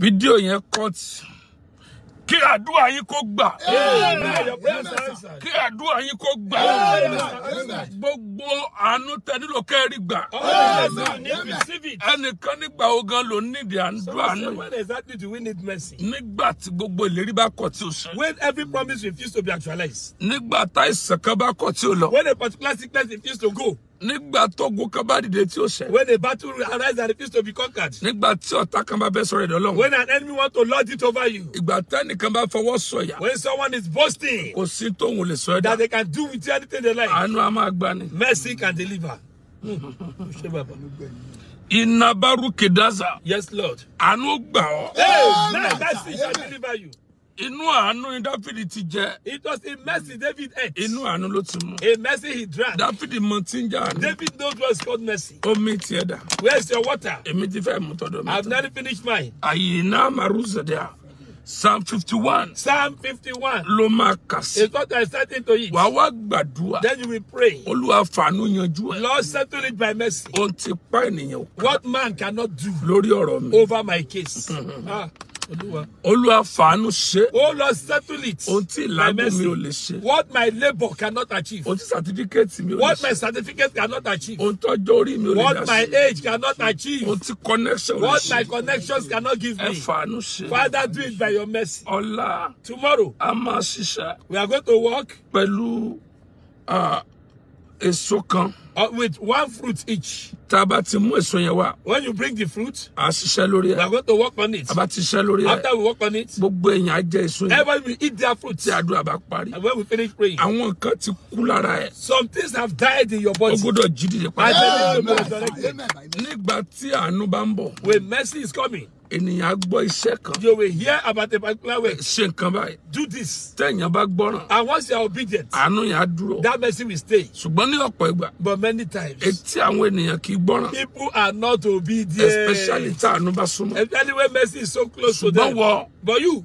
fídíò yẹn cut kí àdúrà yín kó gbà kí àdúrà yín kó gbà gbogbo àánú tẹ nílò kẹrí gbà ẹnìkan nígbà ogan ló nídìí àdúrà náà nígbà tí gbogbo ìlérí bá kọ̀ tí o ṣe. when every promise refuse to be actualized. nígbà tá ìsàn bá kọ̀ tí o lọ. when a particular sickness refuse to go nígbà tógun kan bá dìde tí ó ṣẹ. when a battle arise and refuse to be conquered. nígbà tí ọ̀tá kan bá bẹ́ sọ̀rọ̀ ẹ̀dọ̀ lọ́wọ́. when an enemy want to lord it over you. ìgbà tẹ́nìkan bá fọwọ́ sọ̀yà. when someone is boasting. kò sí tóun lè sọ ẹ̀dá. that they can do with you anything they like. àánú a máa gbani. mercy can deliver. ṣé bàbá yes lord. àánú gbà ọ. amen mercy shall deliver you. Inú àánú ni Dáfídì ti jẹ. It was a mercy David ate. Inú àánú ló ti mu. A mercy he drank. Dáfídì mọ tí ń jẹ àánú. David knows was is called mercy. Omi tiẹ̀ dà. Where is your water? Èmi ti fẹ́ mu tọ́dọ̀ mi. I have nearly finished mine. Àyìnà Màrúzẹ̀dẹ̀. Psalm 51. Psalm 51. Ló máa kà sí. It's what I started to eat. Wàá wá gbàdúrà. Then you will pray. Olúwa fàánú yanjú ẹ̀. Lord settle it by mercy. Ohun tí pa ènìyàn. What man cannot do. Lórí ọ̀rọ̀ mi. Over my case. Mm-hmm. ah olúwa fàánú ṣe. o lọ settle it. ohun tí ìlànà mi ò lè ṣe. what my labour cannot achieve. ohun tí certificate mi ò lè ṣe. what my certificate cannot achieve. ohun tí ọjọ́ orí mi ò lè dá what my age cannot achieve. ohun tí connection ò lè ṣe. what my connections cannot give me. ẹ fàánú ṣe. father do it by your mercy. ọ̀la tomorrow a máa ṣiṣẹ́. we are going to work. pẹ̀lú. Uh, èso kan. Uh, with one fruit each. tá a bá ti mú èso yẹn wá. when you bring the fruit. a ṣiṣẹ́ lórí ẹ̀. we are going to work on it. a bá ti ṣiṣẹ́ lórí ẹ̀. after we work on it. gbogbo èèyàn á jẹ èso yẹn. everybody will eat their fruit. tí àdúrà bá parí. and when we finish praying. àwọn nǹkan ti kú lára ẹ̀. some things have died in your body. o gbọ́dọ̀ jí dìde padà. i believe you will resurrect nígbà tí àánú bá ń bọ̀. when mercy is coming ènìyàn gbọ́ iṣẹ́ kan. you will hear about the particular way. ṣe nǹkan báyìí. do this. tẹ̀yàn bá gbọ́ràn. and once you are obedient. àánú yẹn á dúró. that mercy will stay. ṣùgbọ́n ní ọ̀pọ̀ ìgbà. but many times. etí àwọn ènìyàn kì í gbọ́ràn. people are not obedient. especially tí àánú bá súnmọ́. especially when mercy is so close to them. ṣùgbọ́n wọ. but you.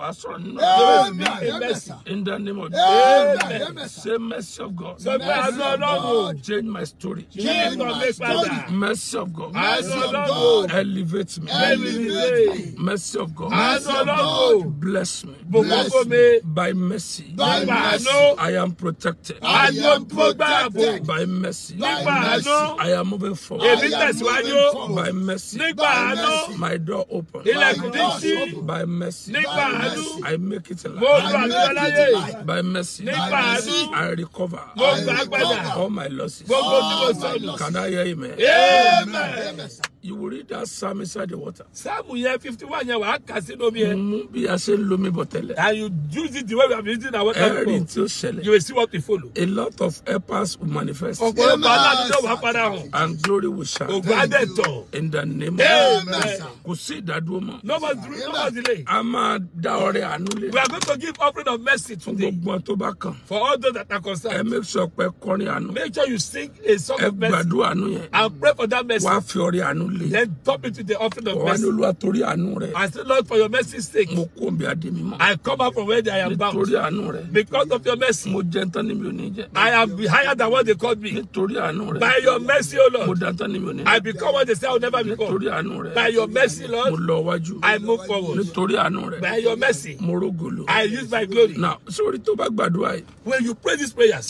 in the name of Jesus say mercy of God change my story mercy of God elevate me mercy of God bless me by mercy I am protected by mercy I am moving forward by mercy my door open by mercy. I make it alive. By mercy. I recover. All my losses. Can I hear Amen. Amen you will read that psalm inside the water. Sáàmù yẹn fifty one yẹn wàá kà sínú omi yẹn. Mú bí a ṣe ń lo mi bọ̀ And you use it the way we have been using our water before. Ẹ̀rín tí ó ṣẹlẹ̀. You will see what we follow. A lot of helpers will manifest. Ọ̀pọ̀lọpọ̀ aládùúgbò wà padà hàn. And glory will shine. Ògùn Adẹ́tọ̀. In the name of Jesus. Kò sí ìdádúró mọ́. No more delay. No more delay. A máa dá ọrẹ àánú lé. We are going to give offering of mercy today. gbogbo tó bá kàn. For all those that are concerned. Ẹ make sure pé kọrin àánú. Make sure you sing a song of mercy. Ẹ gbàdúrà àánú yẹn. And pray for that mercy. Wàá fi ọrẹ àánú lé family. Let's drop into the offering of mercy. I say Lord for your mercy's sake. I come out from where I am bound. Because of your mercy. Mo jẹ ntán I am higher than what they called me. By your mercy o Lord. I become what they say I will never become. By your mercy Lord. I move forward. By your mercy. I use my glory. Now sorry to back, gbàdúrà yìí. When you pray these prayers.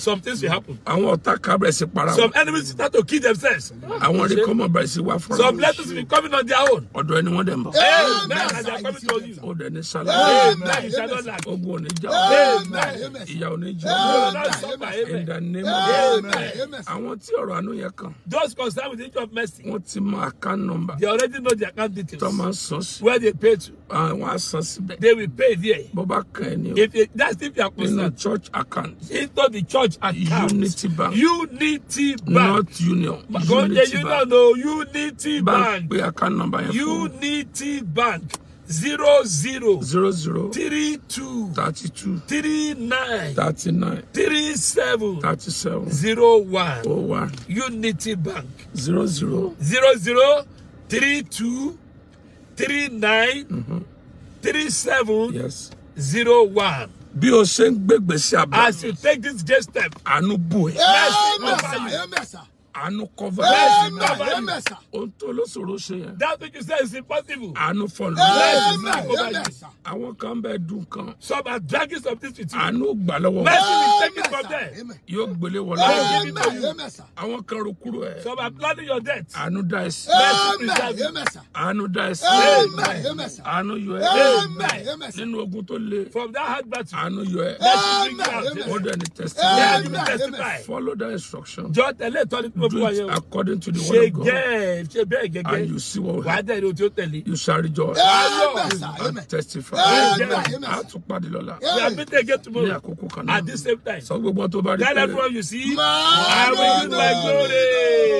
Some things will happen. Some enemies start to kill themselves. I want to come up price wà fún some letters will be coming on their own. Or do wọ́n dẹ̀ ń bọ̀. amen as they are coming to you. ó dẹ̀ ní sálọ. amen you shall not lack. ogun òní jà ọ́. amen ìyà òní jà ọ́. amen in the name of amen. àwọn tí ọ̀rọ̀ àánú yẹn kàn. those concerned with the issue of mercy. wọ́n ti mọ account number. they already know the account details. tọ́mọ sọ sí. where they pay to. àwọn ah, á san síbẹ̀. they will pay there. bọ́bá kan ẹ̀ ni o. if you that's if you are concerned. in the church account. into the church account. unity bank. unity bank. not union. unity bank. kò ń jẹ union o. Unity Bank. Bank pé account number yẹn fún. Unity Bank zero zero. zero zero. three two. thirty two. three nine. thirty nine. three seven. thirty seven. zero one. oh one. Unity Bank. zero zero. zero zero three two three nine. Mm -hmm. three seven. yes. zero one. bí o ṣe ń gbégbèsè àbúrò. as you take this next step. àánú bù ẹ. ẹ ẹ ẹ mẹ́sà àánú cover. Amen. Amen. Ohun tó olóṣòro ṣe yẹn. That which you say is impossible. Àánú fọ̀lọ́. Amen. Àwọn kan bẹ dùn kan. Some are dragging some things with you. Àánú gbà lọ́wọ́. Mercy will take it from there. Yóò gbélé wọlé. Àwọn kan ro kúrò ẹ̀. Some are planning your death. Àánú dá ẹ sí. Mercy preserve you. Àánú dá ẹ ogun tó le. From that hard battle. Àánú yọ ẹ. Mercy bring you out. Ó dẹ̀ ní testify. Follow the instruction. Jọ tẹ̀lé little according to the word of God. and you see what will happen. you shall rejoice. amen and testify. amen at the same time. sọ gbogbo tell everyone you see. I will use my glory.